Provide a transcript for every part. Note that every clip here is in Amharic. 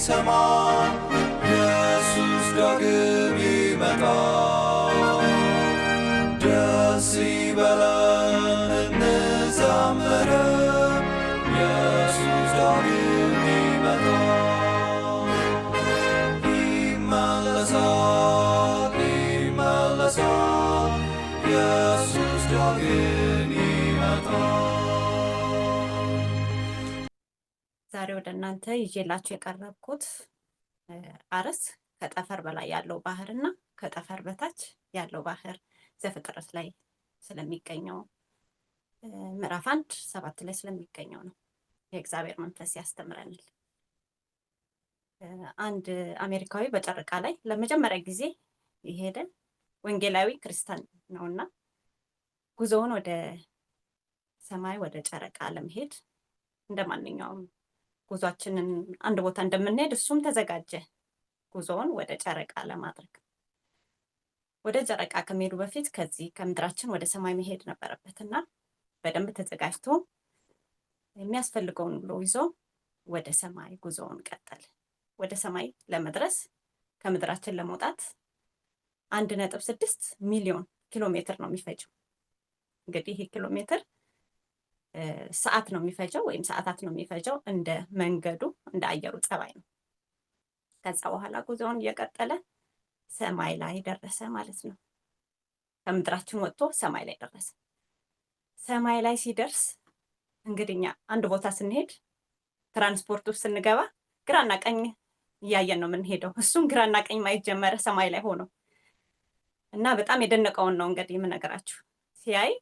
seisama ለእናንተ ይዤላችሁ የቀረብኩት አርዕስት ከጠፈር በላይ ያለው ባህር እና ከጠፈር በታች ያለው ባህር ዘፍጥረት ላይ ስለሚገኘው ምዕራፍ አንድ ሰባት ላይ ስለሚገኘው ነው። የእግዚአብሔር መንፈስ ያስተምረናል። አንድ አሜሪካዊ በጨረቃ ላይ ለመጀመሪያ ጊዜ የሄደ ወንጌላዊ ክርስቲያን ነውና ጉዞውን ወደ ሰማይ ወደ ጨረቃ ለመሄድ እንደ ማንኛውም ጉዟችንን አንድ ቦታ እንደምንሄድ እሱም ተዘጋጀ ጉዞውን ወደ ጨረቃ ለማድረግ። ወደ ጨረቃ ከመሄዱ በፊት ከዚህ ከምድራችን ወደ ሰማይ መሄድ ነበረበት እና በደንብ ተዘጋጅቶ የሚያስፈልገውን ብሎ ይዞ ወደ ሰማይ ጉዞውን ቀጠል። ወደ ሰማይ ለመድረስ ከምድራችን ለመውጣት አንድ ነጥብ ስድስት ሚሊዮን ኪሎ ሜትር ነው የሚፈጀው። እንግዲህ ይህ ኪሎ ሜትር ሰዓት ነው የሚፈጀው ወይም ሰዓታት ነው የሚፈጀው። እንደ መንገዱ እንደ አየሩ ጸባይ ነው። ከዛ በኋላ ጉዞውን እየቀጠለ ሰማይ ላይ ደረሰ ማለት ነው። ከምድራችን ወጥቶ ሰማይ ላይ ደረሰ። ሰማይ ላይ ሲደርስ እንግዲህ እኛ አንድ ቦታ ስንሄድ ትራንስፖርት ውስጥ ስንገባ ግራና ቀኝ እያየን ነው የምንሄደው። እሱም ግራና ቀኝ ማየት ጀመረ ሰማይ ላይ ሆኖ እና በጣም የደነቀውን ነው እንግዲህ የምነግራችሁ ሲያይ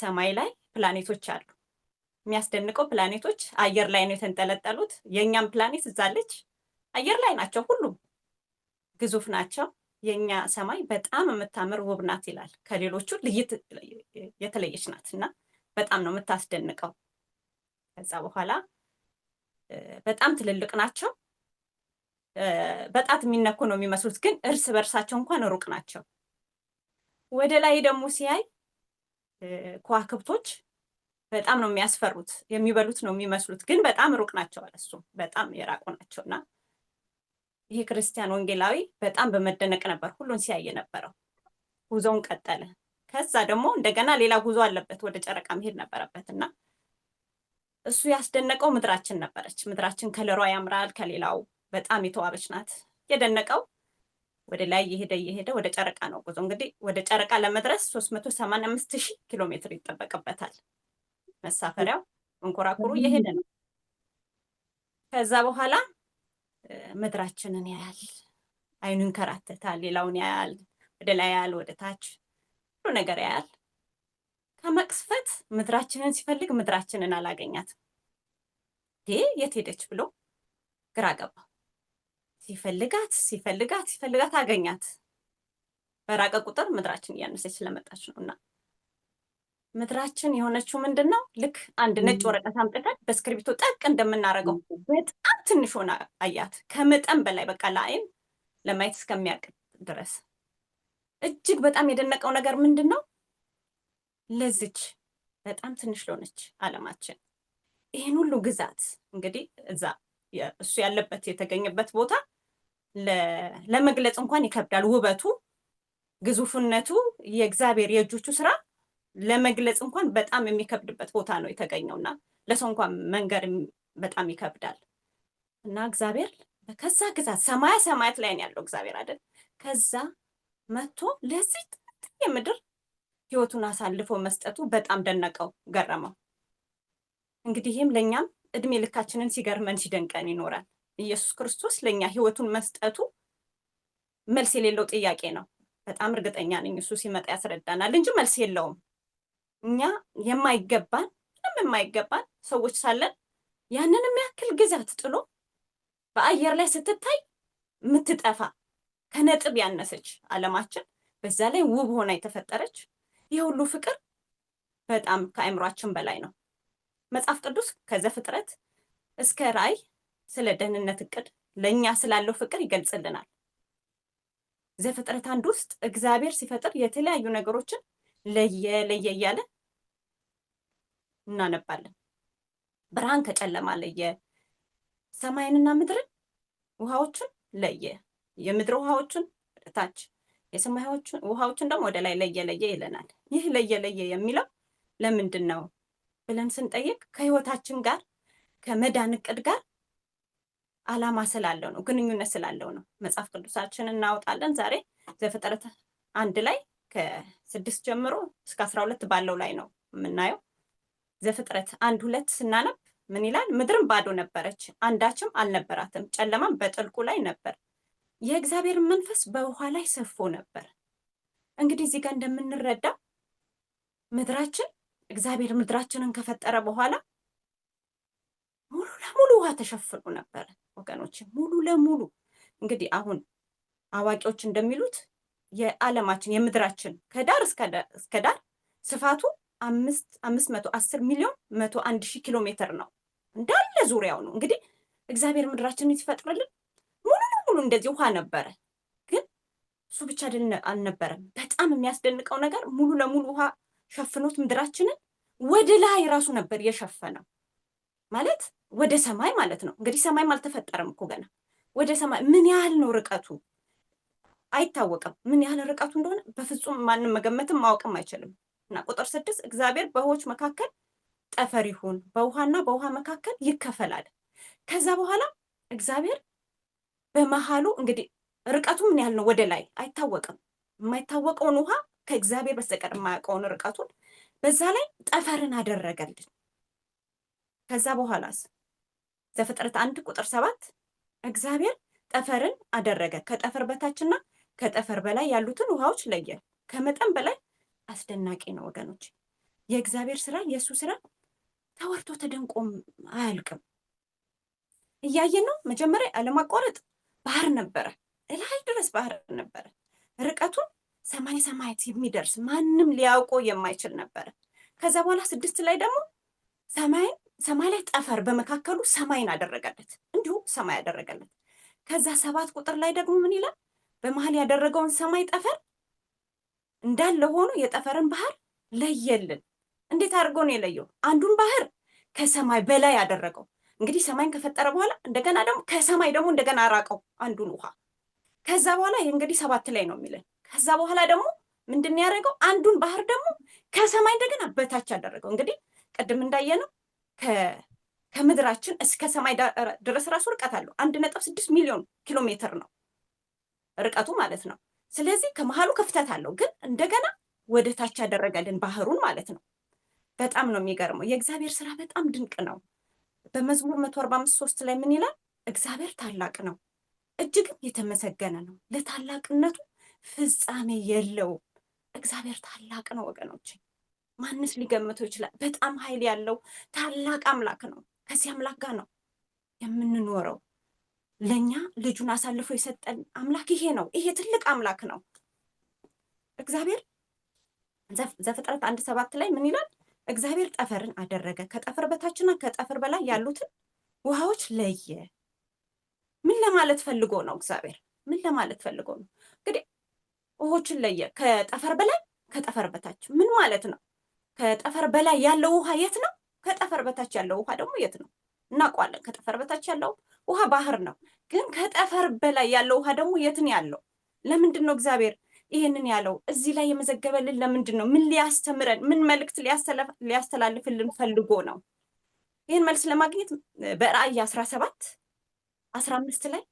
ሰማይ ላይ ፕላኔቶች አሉ። የሚያስደንቀው ፕላኔቶች አየር ላይ ነው የተንጠለጠሉት። የእኛም ፕላኔት እዛለች፣ አየር ላይ ናቸው። ሁሉም ግዙፍ ናቸው። የእኛ ሰማይ በጣም የምታምር ውብ ናት ይላል። ከሌሎቹ ልይት የተለየች ናት እና በጣም ነው የምታስደንቀው። ከዛ በኋላ በጣም ትልልቅ ናቸው። በጣት የሚነኩ ነው የሚመስሉት፣ ግን እርስ በእርሳቸው እንኳን ሩቅ ናቸው። ወደ ላይ ደግሞ ሲያይ ከዋክብቶች በጣም ነው የሚያስፈሩት። የሚበሉት ነው የሚመስሉት፣ ግን በጣም ሩቅ ናቸው። እሱ በጣም የራቁ ናቸው እና ይሄ ክርስቲያን ወንጌላዊ በጣም በመደነቅ ነበር ሁሉን ሲያየ ነበረው። ጉዞውን ቀጠለ። ከዛ ደግሞ እንደገና ሌላ ጉዞ አለበት፣ ወደ ጨረቃ መሄድ ነበረበት እና እሱ ያስደነቀው ምድራችን ነበረች። ምድራችን ከለሯ ያምራል፣ ከሌላው በጣም የተዋበች ናት። የደነቀው ወደ ላይ የሄደ እየሄደ ወደ ጨረቃ ነው ጉዞ። እንግዲህ ወደ ጨረቃ ለመድረስ ሶስት መቶ ሰማንያ አምስት ሺህ ኪሎ ሜትር ይጠበቅበታል። መሳፈሪያው መንኮራኩሩ እየሄደ ነው። ከዛ በኋላ ምድራችንን ያያል፣ አይኑ ይንከራተታል፣ ሌላውን ያያል፣ ወደ ላይ ያያል፣ ወደ ታች ሁሉ ነገር ያያል። ከመቅስፈት ምድራችንን ሲፈልግ ምድራችንን አላገኛትም። ይ የት ሄደች ብሎ ግራ ገባ። ሲፈልጋት ሲፈልጋት ሲፈልጋት አገኛት። በራቀ ቁጥር ምድራችን እያነሰች ስለመጣች ነው እና ምድራችን የሆነችው ምንድን ነው? ልክ አንድ ነጭ ወረቀት አምጥተን በእስክሪብቶ ጠቅ እንደምናደርገው በጣም ትንሽ ሆና አያት። ከመጠን በላይ በቃ ለአይን ለማየት እስከሚያውቅ ድረስ እጅግ በጣም የደነቀው ነገር ምንድን ነው? ለዚች በጣም ትንሽ ለሆነች አለማችን ይህን ሁሉ ግዛት እንግዲህ እዛ እሱ ያለበት የተገኘበት ቦታ ለመግለጽ እንኳን ይከብዳል። ውበቱ፣ ግዙፍነቱ፣ የእግዚአብሔር የእጆቹ ስራ ለመግለጽ እንኳን በጣም የሚከብድበት ቦታ ነው የተገኘውና ለሰው እንኳን መንገር በጣም ይከብዳል እና እግዚአብሔር ከዛ ግዛት ሰማያ ሰማያት ላይ ያለው እግዚአብሔር አይደል ከዛ መጥቶ ለዚህ የምድር ህይወቱን አሳልፎ መስጠቱ በጣም ደነቀው፣ ገረመው። እንግዲህ ይህም ለእኛም እድሜ ልካችንን ሲገርመን ሲደንቀን ይኖራል። ኢየሱስ ክርስቶስ ለእኛ ህይወቱን መስጠቱ መልስ የሌለው ጥያቄ ነው። በጣም እርግጠኛ ነኝ እሱ ሲመጣ ያስረዳናል እንጂ መልስ የለውም። እኛ የማይገባን ምንም የማይገባን ሰዎች ሳለን ያንን የሚያክል ግዛት ጥሎ በአየር ላይ ስትታይ የምትጠፋ ከነጥብ ያነሰች አለማችን በዛ ላይ ውብ ሆና የተፈጠረች ይህ ሁሉ ፍቅር በጣም ከአእምሯችን በላይ ነው። መጽሐፍ ቅዱስ ከዘፍጥረት እስከ ራእይ ስለ ደህንነት እቅድ ለእኛ ስላለው ፍቅር ይገልጽልናል። ዘፍጥረት አንድ ውስጥ እግዚአብሔር ሲፈጥር የተለያዩ ነገሮችን ለየ ለየ እያለ እናነባለን። ብርሃን ከጨለማ ለየ፣ ሰማይንና ምድርን ውሃዎችን ለየ። የምድር ውሃዎችን ወደታች፣ የሰማይ ውሃዎችን ደግሞ ወደ ላይ ለየ ለየ ይለናል። ይህ ለየ ለየ የሚለው ለምንድን ነው ብለን ስንጠይቅ ከህይወታችን ጋር ከመዳን እቅድ ጋር አላማ ስላለው ነው፣ ግንኙነት ስላለው ነው። መጽሐፍ ቅዱሳችን እናወጣለን። ዛሬ ዘፍጥረት አንድ ላይ ከስድስት ጀምሮ እስከ አስራ ሁለት ባለው ላይ ነው የምናየው። ዘፍጥረት አንድ ሁለት ስናነብ ምን ይላል? ምድርም ባዶ ነበረች፣ አንዳችም አልነበራትም፣ ጨለማም በጥልቁ ላይ ነበር፣ የእግዚአብሔር መንፈስ በውሃ ላይ ሰፎ ነበር። እንግዲህ እዚህ ጋር እንደምንረዳ ምድራችን እግዚአብሔር ምድራችንን ከፈጠረ በኋላ ሙሉ ለሙሉ ውሃ ተሸፍኖ ነበር ወገኖች፣ ሙሉ ለሙሉ እንግዲህ አሁን አዋቂዎች እንደሚሉት የዓለማችን የምድራችን ከዳር እስከ ዳር ስፋቱ አምስት አምስት መቶ አስር ሚሊዮን መቶ አንድ ሺህ ኪሎ ሜትር ነው እንዳለ ዙሪያው ነው። እንግዲህ እግዚአብሔር ምድራችንን ይፈጥርልን ሙሉ ለሙሉ እንደዚህ ውሃ ነበረ። ግን እሱ ብቻ አልነበረም። በጣም የሚያስደንቀው ነገር ሙሉ ለሙሉ ውሃ ሸፍኖት ምድራችንን ወደ ላይ ራሱ ነበር የሸፈነው ማለት ወደ ሰማይ ማለት ነው። እንግዲህ ሰማይም አልተፈጠረም እኮ ገና። ወደ ሰማይ ምን ያህል ነው ርቀቱ አይታወቅም። ምን ያህል ርቀቱ እንደሆነ በፍጹም ማንም መገመትም ማወቅም አይችልም። እና ቁጥር ስድስት እግዚአብሔር በውኆች መካከል ጠፈር ይሁን፣ በውሃና በውሃ መካከል ይከፈላል። ከዛ በኋላ እግዚአብሔር በመሃሉ እንግዲህ ርቀቱ ምን ያህል ነው ወደ ላይ አይታወቅም። የማይታወቀውን ውሃ ከእግዚአብሔር በስተቀር የማያውቀውን ርቀቱን በዛ ላይ ጠፈርን አደረገልን። ከዛ በኋላስ ዘፍጥረት አንድ ቁጥር ሰባት እግዚአብሔር ጠፈርን አደረገ፣ ከጠፈር በታችና ከጠፈር በላይ ያሉትን ውሃዎች ለየ፣ ከመጠን በላይ አስደናቂ ነው ወገኖች። የእግዚአብሔር ስራ የእሱ ስራ ተወርቶ ተደንቆም አያልቅም። እያየን ነው። መጀመሪያ አለማቋረጥ ባህር ነበረ፣ እላይ ድረስ ባህር ነበረ። ርቀቱን ሰማይ ሰማያት የሚደርስ ማንም ሊያውቆ የማይችል ነበረ። ከዛ በኋላ ስድስት ላይ ደግሞ ሰማይን ሰማይ ላይ ጠፈር በመካከሉ ሰማይን አደረገለት፣ እንዲሁ ሰማይ አደረገለት። ከዛ ሰባት ቁጥር ላይ ደግሞ ምን ይላል? በመሀል ያደረገውን ሰማይ ጠፈር እንዳለ ሆኖ የጠፈርን ባህር ለየልን። እንዴት አድርጎ ነው የለየው? አንዱን ባህር ከሰማይ በላይ አደረገው። እንግዲህ ሰማይን ከፈጠረ በኋላ እንደገና ደግሞ ከሰማይ ደግሞ እንደገና አራቀው አንዱን ውሃ። ከዛ በኋላ ይህ እንግዲህ ሰባት ላይ ነው የሚለን። ከዛ በኋላ ደግሞ ምንድን ያደረገው? አንዱን ባህር ደግሞ ከሰማይ እንደገና በታች አደረገው። እንግዲህ ቅድም እንዳየነው ከምድራችን እስከ ሰማይ ድረስ ራሱ ርቀት አለው። አንድ ነጥብ ስድስት ሚሊዮን ኪሎ ሜትር ነው ርቀቱ ማለት ነው። ስለዚህ ከመሀሉ ክፍተት አለው፣ ግን እንደገና ወደ ታች ያደረገልን ባህሩን ማለት ነው። በጣም ነው የሚገርመው። የእግዚአብሔር ስራ በጣም ድንቅ ነው። በመዝሙር መቶ አርባ አምስት ሶስት ላይ ምን ይላል? እግዚአብሔር ታላቅ ነው እጅግም የተመሰገነ ነው፣ ለታላቅነቱ ፍጻሜ የለው እግዚአብሔር ታላቅ ነው ወገኖች፣ ማንስ ሊገምተው ይችላል? በጣም ኃይል ያለው ታላቅ አምላክ ነው። ከዚህ አምላክ ጋር ነው የምንኖረው። ለእኛ ልጁን አሳልፎ የሰጠን አምላክ ይሄ ነው። ይሄ ትልቅ አምላክ ነው እግዚአብሔር። ዘፍጥረት አንድ ሰባት ላይ ምን ይላል? እግዚአብሔር ጠፈርን አደረገ፣ ከጠፈር በታችና ከጠፈር በላይ ያሉትን ውሃዎች ለየ። ምን ለማለት ፈልጎ ነው እግዚአብሔር? ምን ለማለት ፈልጎ ነው? እንግዲህ ውሆችን ለየ፣ ከጠፈር በላይ ከጠፈር በታች ምን ማለት ነው? ከጠፈር በላይ ያለው ውሃ የት ነው? ከጠፈር በታች ያለው ውሃ ደግሞ የት ነው? እናውቀዋለን። ከጠፈር በታች ያለው ውሃ ባህር ነው፣ ግን ከጠፈር በላይ ያለው ውሃ ደግሞ የትን ያለው ለምንድን ነው እግዚአብሔር ይህንን ያለው እዚህ ላይ የመዘገበልን ለምንድን ነው? ምን ሊያስተምረን፣ ምን መልእክት ሊያስተላልፍልን ፈልጎ ነው? ይህን መልስ ለማግኘት በራእይ አስራ ሰባት አስራ አምስት ላይ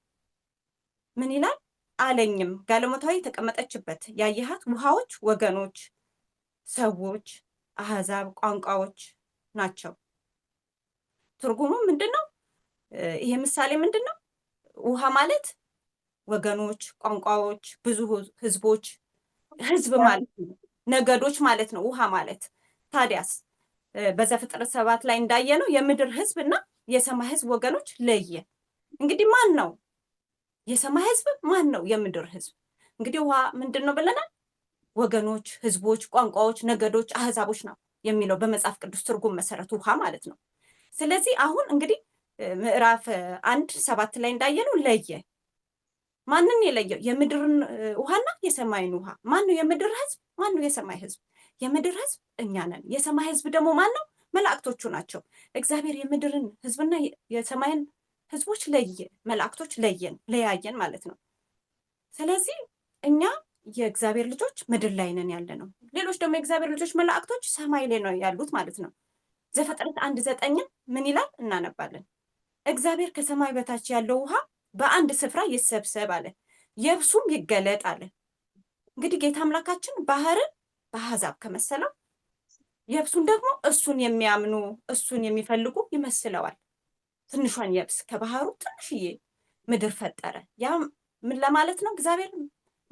ምን ይላል? አለኝም ጋለሞታዊ የተቀመጠችበት ያየሃት ውሃዎች ወገኖች፣ ሰዎች፣ አህዛብ፣ ቋንቋዎች ናቸው። ትርጉሙ ምንድን ነው? ይሄ ምሳሌ ምንድን ነው? ውሃ ማለት ወገኖች፣ ቋንቋዎች፣ ብዙ ህዝቦች፣ ህዝብ ማለት ነው፣ ነገዶች ማለት ነው ውሃ ማለት። ታዲያስ በዘፍጥረት ሰባት ላይ ነው የምድር ህዝብ እና የሰማይ ህዝብ ወገኖች ለየ። እንግዲህ ማን ነው የሰማይ ህዝብ? ማን ነው የምድር ህዝብ? እንግዲህ ውሃ ምንድን ነው ብለናል? ወገኖች፣ ህዝቦች፣ ቋንቋዎች፣ ነገዶች፣ አህዛቦች ነው የሚለው በመጽሐፍ ቅዱስ ትርጉም መሰረት ውሃ ማለት ነው። ስለዚህ አሁን እንግዲህ ምዕራፍ አንድ ሰባት ላይ እንዳየነው ለየ። ማንን የለየው? የምድርን ውሃና የሰማይን ውሃ። ማን ነው የምድር ህዝብ? ማን ነው የሰማይ ህዝብ? የምድር ህዝብ እኛ ነን። የሰማይ ህዝብ ደግሞ ማን ነው? መላእክቶቹ ናቸው። እግዚአብሔር የምድርን ህዝብና የሰማይን ህዝቦች ለየ፣ መላእክቶች ለየን፣ ለያየን ማለት ነው። ስለዚህ እኛ የእግዚአብሔር ልጆች ምድር ላይ ነን ያለ ነው። ሌሎች ደግሞ የእግዚአብሔር ልጆች መላእክቶች ሰማይ ላይ ነው ያሉት ማለት ነው። ዘፍጥረት አንድ ዘጠኝን ምን ይላል? እናነባለን። እግዚአብሔር ከሰማይ በታች ያለው ውሃ በአንድ ስፍራ ይሰብሰብ አለ፣ የብሱም ይገለጥ አለ። እንግዲህ ጌታ አምላካችን ባህርን በአሕዛብ ከመሰለው የብሱን ደግሞ እሱን የሚያምኑ እሱን የሚፈልጉ ይመስለዋል። ትንሿን የብስ ከባህሩ ትንሽዬ ምድር ፈጠረ። ያ ምን ለማለት ነው? እግዚአብሔር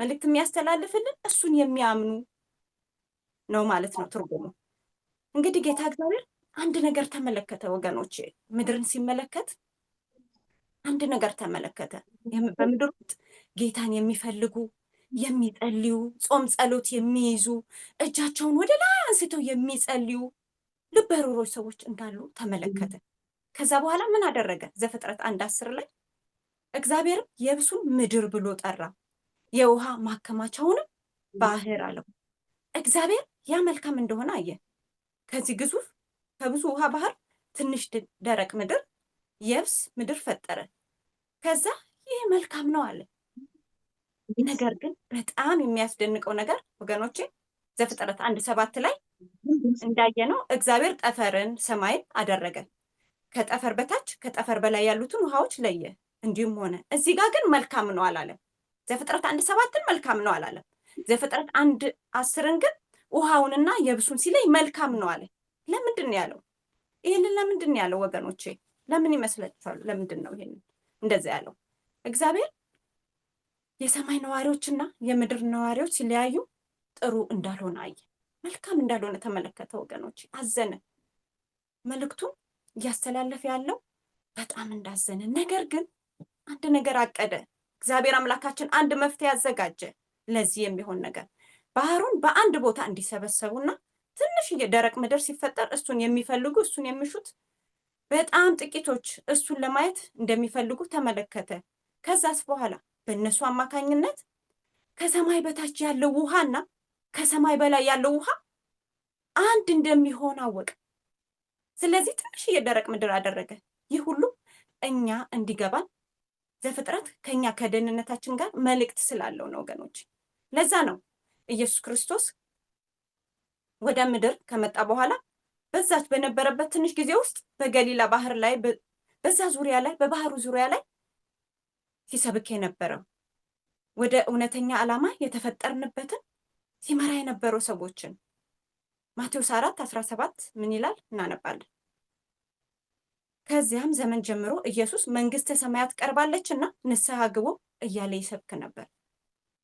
መልእክት የሚያስተላልፍልን እሱን የሚያምኑ ነው ማለት ነው ትርጉሙ። እንግዲህ ጌታ እግዚአብሔር አንድ ነገር ተመለከተ ወገኖቼ። ምድርን ሲመለከት አንድ ነገር ተመለከተ። በምድር ውስጥ ጌታን የሚፈልጉ የሚጸልዩ፣ ጾም ጸሎት የሚይዙ፣ እጃቸውን ወደ ላይ አንስተው የሚጸልዩ ልበ ሰዎች እንዳሉ ተመለከተ። ከዛ በኋላ ምን አደረገ? ዘፍጥረት አንድ አስር ላይ እግዚአብሔርም የብሱን ምድር ብሎ ጠራ፣ የውሃ ማከማቻውንም ባህር አለው። እግዚአብሔር ያ መልካም እንደሆነ አየ። ከዚህ ግዙፍ ከብዙ ውሃ ባህር ትንሽ ደረቅ ምድር የብስ ምድር ፈጠረ። ከዛ ይህ መልካም ነው አለ። ነገር ግን በጣም የሚያስደንቀው ነገር ወገኖቼ ዘፍጥረት አንድ ሰባት ላይ እንዳየነው እግዚአብሔር ጠፈርን ሰማይን አደረገ። ከጠፈር በታች ከጠፈር በላይ ያሉትን ውሃዎች ለየ። እንዲሁም ሆነ። እዚህ ጋር ግን መልካም ነው አላለም። ዘፍጥረት አንድ ሰባትን መልካም ነው አላለም። ዘፍጥረት አንድ አስርን ግን ውሃውንና የብሱን ሲለይ መልካም ነው አለ። ለምንድን ያለው? ይህንን ለምንድን ያለው? ወገኖቼ ለምን ይመስላችኋል? ለምንድን ነው ይሄንን እንደዚያ ያለው? እግዚአብሔር የሰማይ ነዋሪዎችና የምድር ነዋሪዎች ሲለያዩ ጥሩ እንዳልሆነ አየ፣ መልካም እንዳልሆነ ተመለከተ። ወገኖች አዘነ። መልእክቱን እያስተላለፈ ያለው በጣም እንዳዘነ፣ ነገር ግን አንድ ነገር አቀደ። እግዚአብሔር አምላካችን አንድ መፍትሄ አዘጋጀ፣ ለዚህ የሚሆን ነገር ባህሩን በአንድ ቦታ እንዲሰበሰቡና ትንሽ ደረቅ ምድር ሲፈጠር እሱን የሚፈልጉ እሱን የሚሹት በጣም ጥቂቶች እሱን ለማየት እንደሚፈልጉ ተመለከተ። ከዛስ በኋላ በእነሱ አማካኝነት ከሰማይ በታች ያለው ውሃና ከሰማይ በላይ ያለው ውሃ አንድ እንደሚሆን አወቀ። ስለዚህ ትንሽዬ ደረቅ ምድር አደረገ። ይህ ሁሉ እኛ እንዲገባን ዘፍጥረት ከኛ ከደህንነታችን ጋር መልእክት ስላለው ነው ወገኖች። ለዛ ነው ኢየሱስ ክርስቶስ ወደ ምድር ከመጣ በኋላ በዛች በነበረበት ትንሽ ጊዜ ውስጥ በገሊላ ባህር ላይ በዛ ዙሪያ ላይ በባህሩ ዙሪያ ላይ ሲሰብክ የነበረው ወደ እውነተኛ ዓላማ የተፈጠርንበትን ሲመራ የነበረው ሰዎችን ማቴዎስ አራት አስራ ሰባት ምን ይላል እናነባለን። ከዚያም ዘመን ጀምሮ ኢየሱስ መንግስተ ሰማያት ቀርባለች እና ንስሐ ግቡ እያለ ይሰብክ ነበር።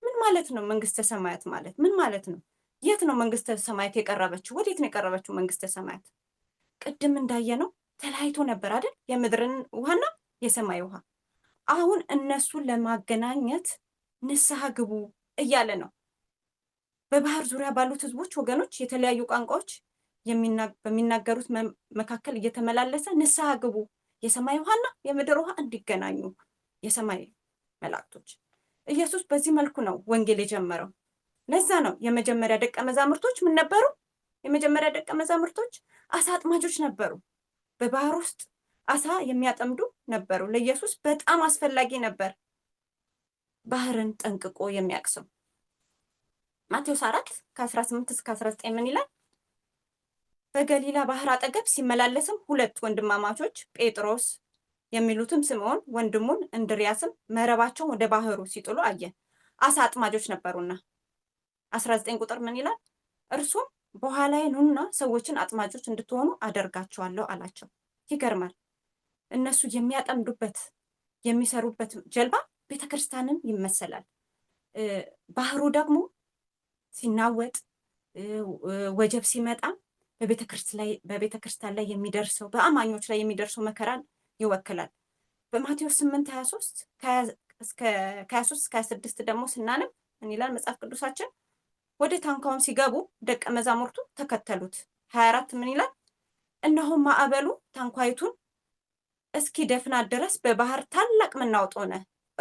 ምን ማለት ነው? መንግስተ ሰማያት ማለት ምን ማለት ነው? የት ነው መንግስተ ሰማያት የቀረበችው? ወዴት ነው የቀረበችው መንግስተ ሰማያት? ቅድም እንዳየነው ተለያይቶ ነበር አይደል? የምድርን ውሃና የሰማይ ውሃ። አሁን እነሱን ለማገናኘት ንስሐ ግቡ እያለ ነው። በባህር ዙሪያ ባሉት ህዝቦች፣ ወገኖች የተለያዩ ቋንቋዎች በሚናገሩት መካከል እየተመላለሰ ንስሐ ግቡ፣ የሰማይ ውሃና የምድር ውሃ እንዲገናኙ የሰማይ መላእክቶች። ኢየሱስ በዚህ መልኩ ነው ወንጌል የጀመረው። ለዛ ነው የመጀመሪያ ደቀ መዛሙርቶች ምን ነበሩ? የመጀመሪያ ደቀ መዛሙርቶች አሳ አጥማጆች ነበሩ። በባህር ውስጥ አሳ የሚያጠምዱ ነበሩ። ለኢየሱስ በጣም አስፈላጊ ነበር ባህርን ጠንቅቆ የሚያውቅ ሰው። ማቴዎስ አራት ከአስራ ስምንት እስከ አስራ ዘጠኝ ምን ይላል? በገሊላ ባህር አጠገብ ሲመላለስም ሁለት ወንድማማቾች ጴጥሮስ የሚሉትም ስምዖን ወንድሙን እንድሪያስም መረባቸውን ወደ ባህሩ ሲጥሉ አየ። አሳ አጥማጆች ነበሩና አስራ ዘጠኝ ቁጥር ምን ይላል? እርሱም በኋላ ኑና ሰዎችን አጥማጆች እንድትሆኑ አደርጋቸዋለሁ አላቸው። ይገርማል። እነሱ የሚያጠምዱበት የሚሰሩበት ጀልባ ቤተክርስቲያንን ይመሰላል። ባህሩ ደግሞ ሲናወጥ ወጀብ ሲመጣ በቤተክርስቲያን ላይ የሚደርሰው በአማኞች ላይ የሚደርሰው መከራን ይወክላል። በማቴዎስ 8 ሶስት ከሀያ ሶስት እስከ ስድስት ደግሞ ስናንም ምን ይላል መጽሐፍ ቅዱሳችን? ወደ ታንኳውም ሲገቡ ደቀ መዛሙርቱ ተከተሉት። ሀያ አራት ምን ይላል? እነሆ ማዕበሉ ታንኳይቱን እስኪ ደፍና ድረስ በባህር ታላቅ መናወጥ ሆነ፣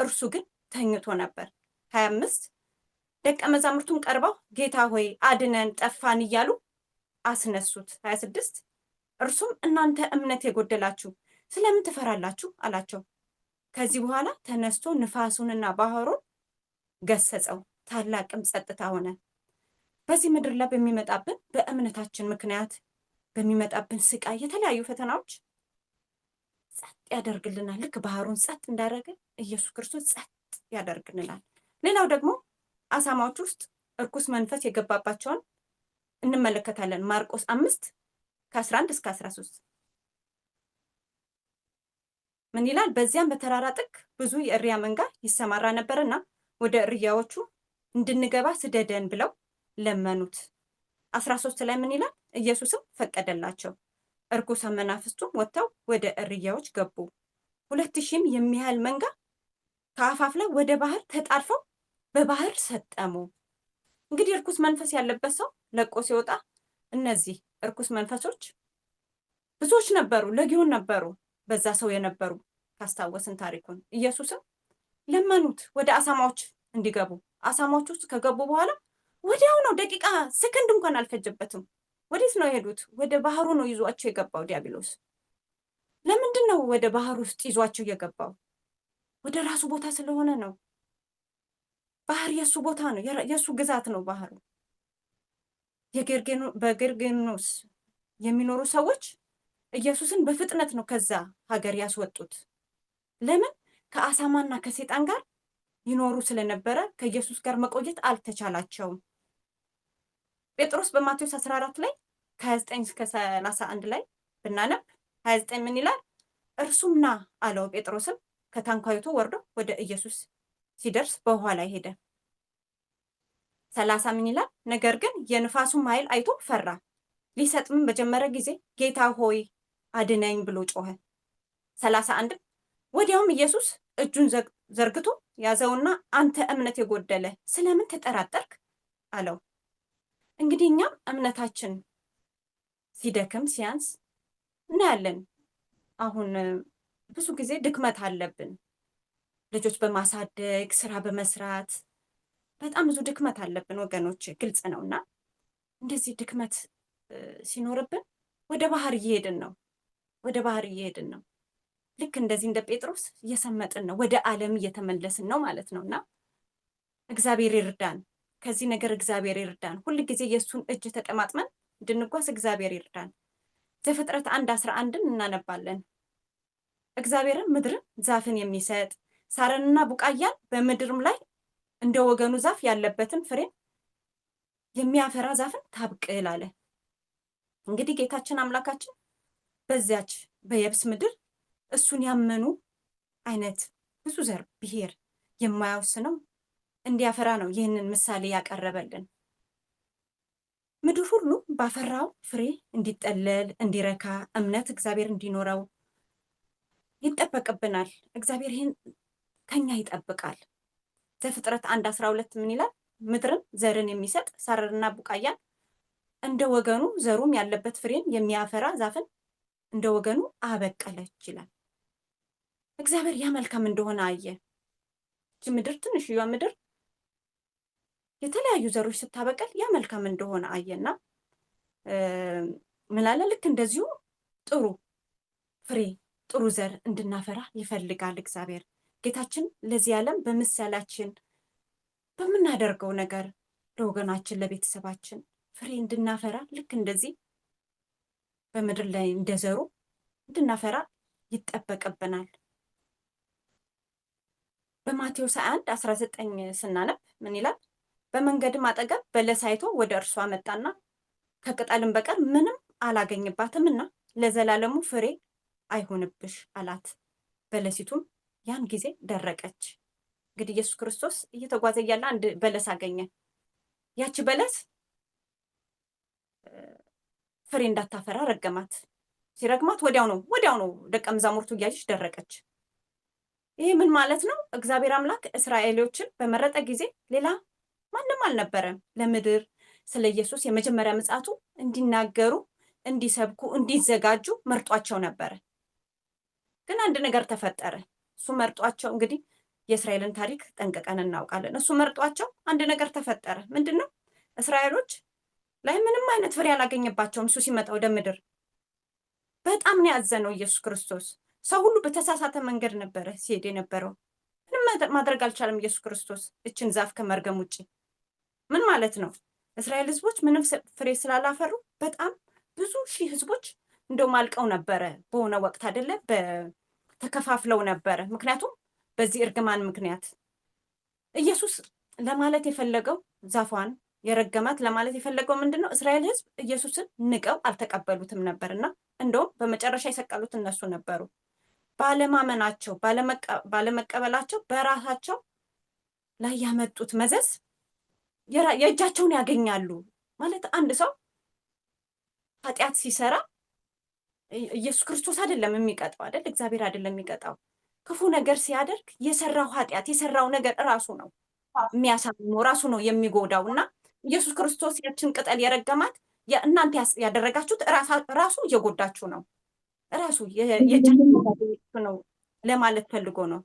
እርሱ ግን ተኝቶ ነበር። ሀያ አምስት ደቀ መዛሙርቱም ቀርበው ጌታ ሆይ አድነን፣ ጠፋን እያሉ አስነሱት። ሀያ ስድስት እርሱም እናንተ እምነት የጎደላችሁ ስለምን ትፈራላችሁ አላቸው። ከዚህ በኋላ ተነስቶ ንፋሱንና ባህሩን ገሰጸው፣ ታላቅም ጸጥታ ሆነ። በዚህ ምድር ላይ በሚመጣብን በእምነታችን ምክንያት በሚመጣብን ስቃይ፣ የተለያዩ ፈተናዎች ጸጥ ያደርግልናል። ልክ ባህሩን ጸጥ እንዳደረገ ኢየሱስ ክርስቶስ ጸጥ ያደርግልናል። ሌላው ደግሞ አሳማዎች ውስጥ እርኩስ መንፈስ የገባባቸውን እንመለከታለን። ማርቆስ አምስት ከአስራ አንድ እስከ አስራ ሶስት ምን ይላል? በዚያም በተራራ ጥግ ብዙ የእርያ መንጋ ይሰማራ ነበርና ወደ እርያዎቹ እንድንገባ ስደደን ብለው ለመኑት። አስራ ሶስት ላይ ምን ይላል? ኢየሱስም ፈቀደላቸው። እርኩሳን መናፍስቱም ወጥተው ወደ እርያዎች ገቡ። ሁለት ሺህም የሚያህል መንጋ ከአፋፍ ላይ ወደ ባህር ተጣድፈው በባህር ሰጠሙ። እንግዲህ እርኩስ መንፈስ ያለበት ሰው ለቆ ሲወጣ እነዚህ እርኩስ መንፈሶች ብዙዎች ነበሩ፣ ለጊዮን ነበሩ በዛ ሰው የነበሩ ካስታወስን ታሪኩን ኢየሱስም ለመኑት ወደ አሳማዎች እንዲገቡ። አሳማዎች ውስጥ ከገቡ በኋላ ወዲያው ነው፣ ደቂቃ ሰከንድ እንኳን አልፈጀበትም። ወዴት ነው የሄዱት? ወደ ባህሩ ነው ይዟቸው የገባው ዲያብሎስ። ለምንድን ነው ወደ ባህር ውስጥ ይዟቸው የገባው? ወደ ራሱ ቦታ ስለሆነ ነው። ባህር የእሱ ቦታ ነው፣ የእሱ ግዛት ነው ባህሩ። በጌርጌኖስ የሚኖሩ ሰዎች ኢየሱስን በፍጥነት ነው ከዛ ሀገር ያስወጡት። ለምን? ከአሳማና ከሴጣን ጋር ይኖሩ ስለነበረ ከኢየሱስ ጋር መቆየት አልተቻላቸውም። ጴጥሮስ በማቴዎስ 14 ላይ ከ29 እስከ 31 ላይ ብናነብ 29 ምን ይላል? እርሱም ና አለው። ጴጥሮስም ከታንኳይቱ ወርዶ ወደ ኢየሱስ ሲደርስ በውኃ ላይ ሄደ። ሰላሳ ምን ይላል? ነገር ግን የንፋሱን ኃይል አይቶ ፈራ፣ ሊሰጥምም በጀመረ ጊዜ ጌታ ሆይ አድነኝ ብሎ ጮኸ። 31 ወዲያውም ኢየሱስ እጁን ዘርግቶ ያዘውና አንተ እምነት የጎደለ ስለምን ተጠራጠርክ አለው። እንግዲህ እኛም እምነታችን ሲደክም ሲያንስ እናያለን። አሁን ብዙ ጊዜ ድክመት አለብን። ልጆች በማሳደግ ስራ በመስራት በጣም ብዙ ድክመት አለብን ወገኖች፣ ግልጽ ነው። እና እንደዚህ ድክመት ሲኖርብን ወደ ባህር እየሄድን ነው፣ ወደ ባህር እየሄድን ነው። ልክ እንደዚህ እንደ ጴጥሮስ እየሰመጥን ነው፣ ወደ ዓለም እየተመለስን ነው ማለት ነው። እና እግዚአብሔር ይርዳን። ከዚህ ነገር እግዚአብሔር ይርዳን። ሁል ጊዜ የእሱን እጅ ተጠማጥመን እንድንጓዝ እግዚአብሔር ይርዳን። ዘፍጥረት አንድ አስራ አንድን እናነባለን። እግዚአብሔርን ምድርን ዛፍን የሚሰጥ ሳርንና ቡቃያን በምድርም ላይ እንደ ወገኑ ዛፍ ያለበትን ፍሬን የሚያፈራ ዛፍን ታብቅል አለ። እንግዲህ ጌታችን አምላካችን በዚያች በየብስ ምድር እሱን ያመኑ አይነት ብዙ ዘር ብሔር የማያወስነው እንዲያፈራ ነው ይህንን ምሳሌ ያቀረበልን። ምድር ሁሉ ባፈራው ፍሬ እንዲጠለል እንዲረካ እምነት እግዚአብሔር እንዲኖረው ይጠበቅብናል። እግዚአብሔር ይህን ከኛ ይጠብቃል። ዘፍጥረት አንድ አስራ ሁለት ምን ይላል? ምድርን ዘርን የሚሰጥ ሳረርና ቡቃያን እንደ ወገኑ ዘሩም ያለበት ፍሬን የሚያፈራ ዛፍን እንደ ወገኑ አበቀለች ይላል። እግዚአብሔር ያ መልካም እንደሆነ አየ። ምድር ትንሽ ምድር የተለያዩ ዘሮች ስታበቅል ያ መልካም እንደሆነ አየና ምናለ ልክ እንደዚሁ ጥሩ ፍሬ ጥሩ ዘር እንድናፈራ ይፈልጋል እግዚአብሔር ጌታችን ለዚህ ዓለም በምሳሌያችን በምናደርገው ነገር ለወገናችን ለቤተሰባችን ፍሬ እንድናፈራ ልክ እንደዚህ በምድር ላይ እንደዘሩ እንድናፈራ ይጠበቅብናል። በማቴዎስ አስራ 19 ስናነብ ምን ይላል? በመንገድም አጠገብ በለስ አይቶ ወደ እርሷ መጣና ከቅጠልም በቀር ምንም አላገኝባትም እና ለዘላለሙ ፍሬ አይሆንብሽ አላት። በለሲቱም ያን ጊዜ ደረቀች። እንግዲህ ኢየሱስ ክርስቶስ እየተጓዘ እያለ አንድ በለስ አገኘ። ያቺ በለስ ፍሬ እንዳታፈራ ረገማት። ሲረግማት ወዲያው ነው ወዲያው ነው ደቀ መዛሙርቱ እያየች ደረቀች። ይህ ምን ማለት ነው? እግዚአብሔር አምላክ እስራኤሎችን በመረጠ ጊዜ ሌላ ማንም አልነበረም ለምድር ስለ ኢየሱስ የመጀመሪያ ምጻቱ እንዲናገሩ፣ እንዲሰብኩ፣ እንዲዘጋጁ መርጧቸው ነበረ። ግን አንድ ነገር ተፈጠረ። እሱ መርጧቸው እንግዲህ የእስራኤልን ታሪክ ጠንቅቀን እናውቃለን። እሱ መርጧቸው አንድ ነገር ተፈጠረ። ምንድን ነው? እስራኤሎች ላይ ምንም አይነት ፍሬ አላገኘባቸውም። እሱ ሲመጣ ወደ ምድር በጣም ነው ያዘነው ኢየሱስ ክርስቶስ። ሰው ሁሉ በተሳሳተ መንገድ ነበረ ሲሄድ የነበረው። ምንም ማድረግ አልቻለም ኢየሱስ ክርስቶስ እችን ዛፍ ከመርገም ውጭ ምን ማለት ነው? እስራኤል ህዝቦች ምንም ፍሬ ስላላፈሩ በጣም ብዙ ሺህ ህዝቦች እንደውም አልቀው ነበረ በሆነ ወቅት አይደለ? ተከፋፍለው ነበረ። ምክንያቱም በዚህ እርግማን ምክንያት ኢየሱስ ለማለት የፈለገው ዛፏን የረገማት ለማለት የፈለገው ምንድን ነው? እስራኤል ህዝብ ኢየሱስን ንቀው አልተቀበሉትም ነበር እና እንደውም በመጨረሻ የሰቀሉት እነሱ ነበሩ። ባለማመናቸው፣ ባለመቀበላቸው በራሳቸው ላይ ያመጡት መዘዝ የእጃቸውን ያገኛሉ ማለት አንድ ሰው ኃጢአት ሲሰራ ኢየሱስ ክርስቶስ አይደለም የሚቀጣው አይደል? እግዚአብሔር አይደለም የሚቀጣው። ክፉ ነገር ሲያደርግ የሰራው ኃጢአት የሰራው ነገር እራሱ ነው የሚያሳምመው እራሱ ነው የሚጎዳው እና ኢየሱስ ክርስቶስ ያችን ቅጠል የረገማት እናንተ ያደረጋችሁት ራሱ እየጎዳችሁ ነው ራሱ ነው ለማለት ፈልጎ ነው።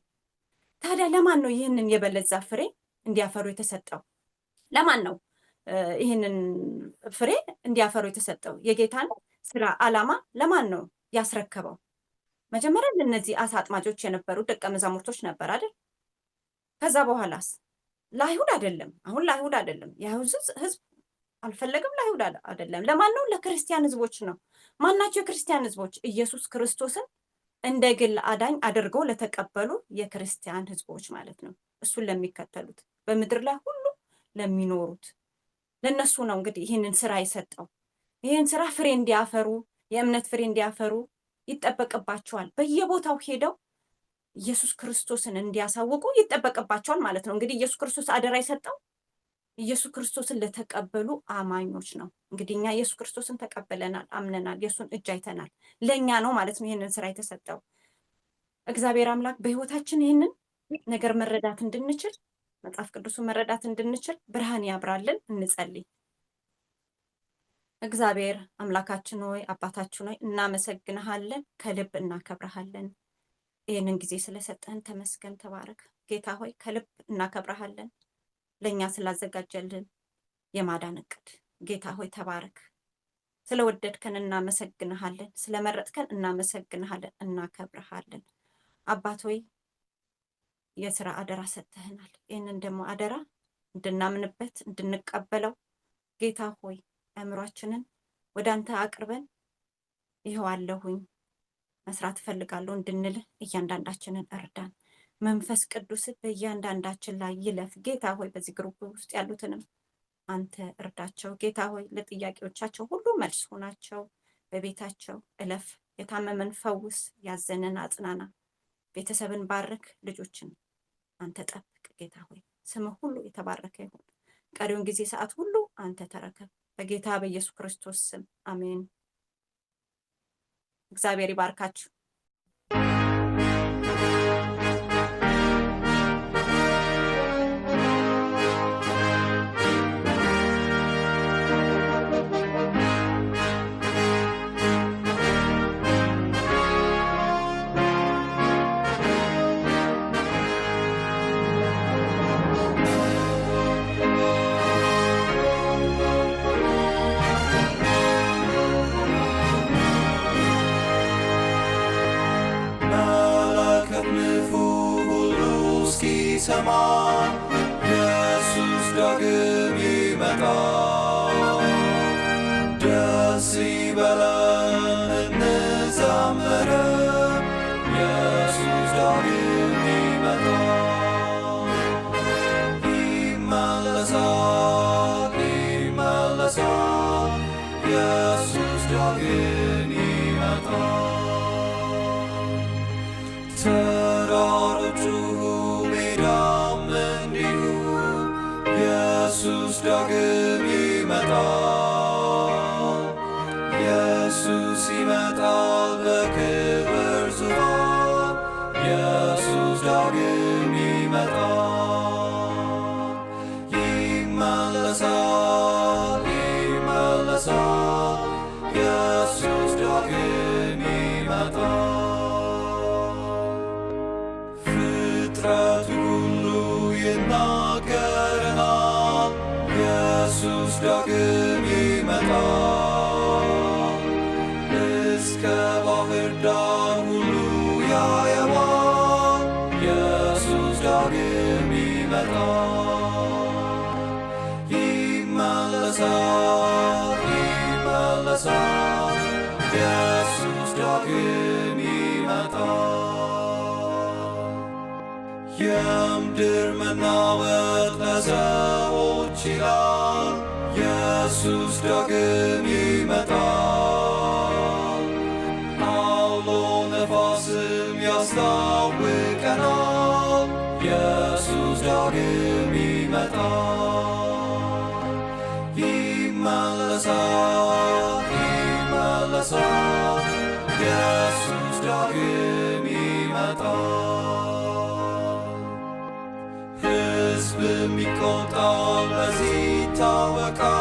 ታዲያ ለማን ነው ይህንን የበለዛ ፍሬ እንዲያፈሩ የተሰጠው? ለማን ነው ይህንን ፍሬ እንዲያፈሩ የተሰጠው? የጌታን ስራ አላማ ለማን ነው ያስረከበው? መጀመሪያ ለእነዚህ አሳ አጥማጆች የነበሩ ደቀ መዛሙርቶች ነበር አይደል? ከዛ በኋላስ ለአይሁድ አይደለም። አሁን ለአይሁድ አይደለም። የአይሁድ ህዝብ አልፈለግም። ለአይሁድ አይደለም። ለማን ነው? ለክርስቲያን ህዝቦች ነው። ማናቸው? የክርስቲያን ህዝቦች ኢየሱስ ክርስቶስን እንደ ግል አዳኝ አድርገው ለተቀበሉ የክርስቲያን ህዝቦች ማለት ነው። እሱን ለሚከተሉት በምድር ላይ ሁሉ ለሚኖሩት ለእነሱ ነው እንግዲህ ይህንን ስራ የሰጠው። ይህን ስራ ፍሬ እንዲያፈሩ የእምነት ፍሬ እንዲያፈሩ ይጠበቅባቸዋል። በየቦታው ሄደው ኢየሱስ ክርስቶስን እንዲያሳውቁ ይጠበቅባቸዋል ማለት ነው። እንግዲህ ኢየሱስ ክርስቶስ አደራ የሰጠው ኢየሱስ ክርስቶስን ለተቀበሉ አማኞች ነው። እንግዲህ እኛ ኢየሱስ ክርስቶስን ተቀበለናል፣ አምነናል፣ የእሱን እጅ አይተናል። ለእኛ ነው ማለት ነው ይህንን ስራ የተሰጠው። እግዚአብሔር አምላክ በህይወታችን ይህንን ነገር መረዳት እንድንችል መጽሐፍ ቅዱሱን መረዳት እንድንችል ብርሃን ያብራልን። እንጸልይ። እግዚአብሔር አምላካችን ሆይ አባታችን ሆይ እናመሰግንሃለን፣ ከልብ እናከብረሃለን። ይህንን ጊዜ ስለሰጠህን ተመስገን፣ ተባረክ። ጌታ ሆይ ከልብ እናከብረሃለን። ለእኛ ስላዘጋጀልን የማዳን እቅድ ጌታ ሆይ ተባረክ። ስለወደድከን እናመሰግንሃለን፣ ስለመረጥከን እናመሰግንሃለን፣ እናከብረሃለን አባት ሆይ የስራ አደራ ሰጥተህናል። ይህንን ደግሞ አደራ እንድናምንበት እንድንቀበለው ጌታ ሆይ አእምሯችንን ወደ አንተ አቅርበን ይኸው አለሁኝ መስራት እፈልጋለሁ እንድንልህ እያንዳንዳችንን እርዳን። መንፈስ ቅዱስ በእያንዳንዳችን ላይ ይለፍ። ጌታ ሆይ በዚህ ግሩፕ ውስጥ ያሉትንም አንተ እርዳቸው። ጌታ ሆይ ለጥያቄዎቻቸው ሁሉ መልስ ሆናቸው በቤታቸው እለፍ። የታመመን ፈውስ፣ ያዘንን አጽናና። ቤተሰብን ባርክ፣ ልጆችን አንተ ጠብቅ። ጌታ ሆይ ስምህ ሁሉ የተባረከ ይሁን። ቀሪውን ጊዜ ሰዓት ሁሉ አንተ ተረከብ። በጌታ በኢየሱስ ክርስቶስ ስም አሜን። እግዚአብሔር ይባርካችሁ። ኢየሱስ ዳግም ይመጣል። ተራሮቹ ሜዳም እንዲሁ ኢየሱስ ዳግም ይመለሳል ይመለሳል ኢየሱስ mikor tal az call.